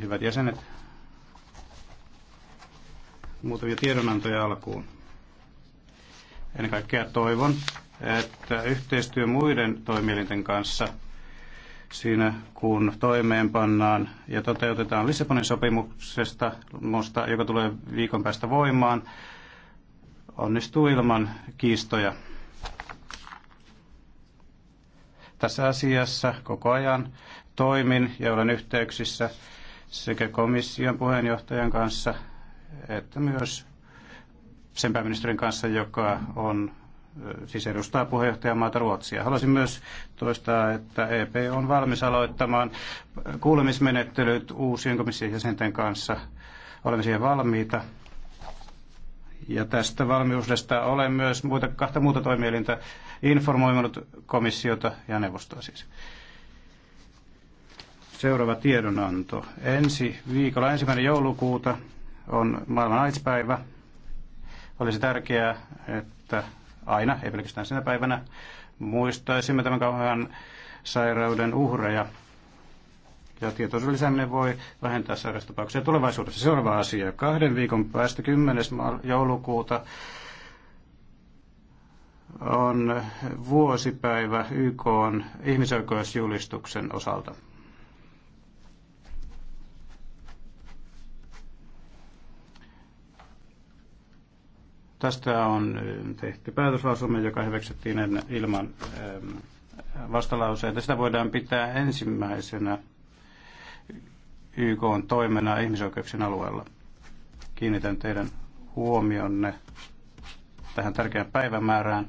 Hyvät jäsenet, muutamia tiedonantoja alkuun. Ennen kaikkea toivon, että yhteistyö muiden toimielinten kanssa siinä, kun toimeenpannaan ja toteutetaan Lissabonin sopimuksesta, musta, joka tulee viikon päästä voimaan, onnistuu ilman kiistoja tässä asiassa koko ajan toimin ja olen yhteyksissä sekä komission puheenjohtajan kanssa että myös sen pääministerin kanssa, joka on siis edustaa puheenjohtajamaata Ruotsia. Haluaisin myös toistaa, että EP on valmis aloittamaan kuulemismenettelyt uusien komission jäsenten kanssa. Olemme siihen valmiita. Ja tästä valmiudesta olen myös muuta, kahta muuta toimielintä informoimanut komissiota ja neuvostoa siis. Seuraava tiedonanto. Ensi viikolla, ensimmäinen joulukuuta, on maailman AIDS-päivä. Olisi tärkeää, että aina, ei pelkästään sinä päivänä, muistaisimme tämän kauhean sairauden uhreja ja tietoisuuden lisääminen voi vähentää sairaustapauksia tulevaisuudessa. Seuraava asia. Kahden viikon päästä 10. joulukuuta on vuosipäivä YK on ihmisoikeusjulistuksen osalta. Tästä on äh, tehty päätöslausumme, joka hyväksyttiin ilman ähm, vastalauseita. Sitä voidaan pitää ensimmäisenä YK on toimena ihmisoikeuksien alueella. Kiinnitän teidän huomionne tähän tärkeään päivämäärään,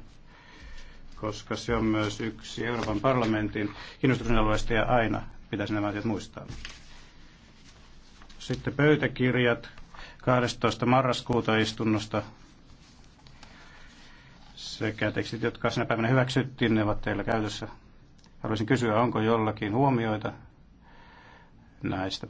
koska se on myös yksi Euroopan parlamentin kiinnostuksen alueesta ja aina pitäisi nämä asiat muistaa. Sitten pöytäkirjat 12. marraskuuta istunnosta sekä tekstit, jotka sinä päivänä hyväksyttiin, ne ovat teillä käytössä. Haluaisin kysyä, onko jollakin huomioita näistä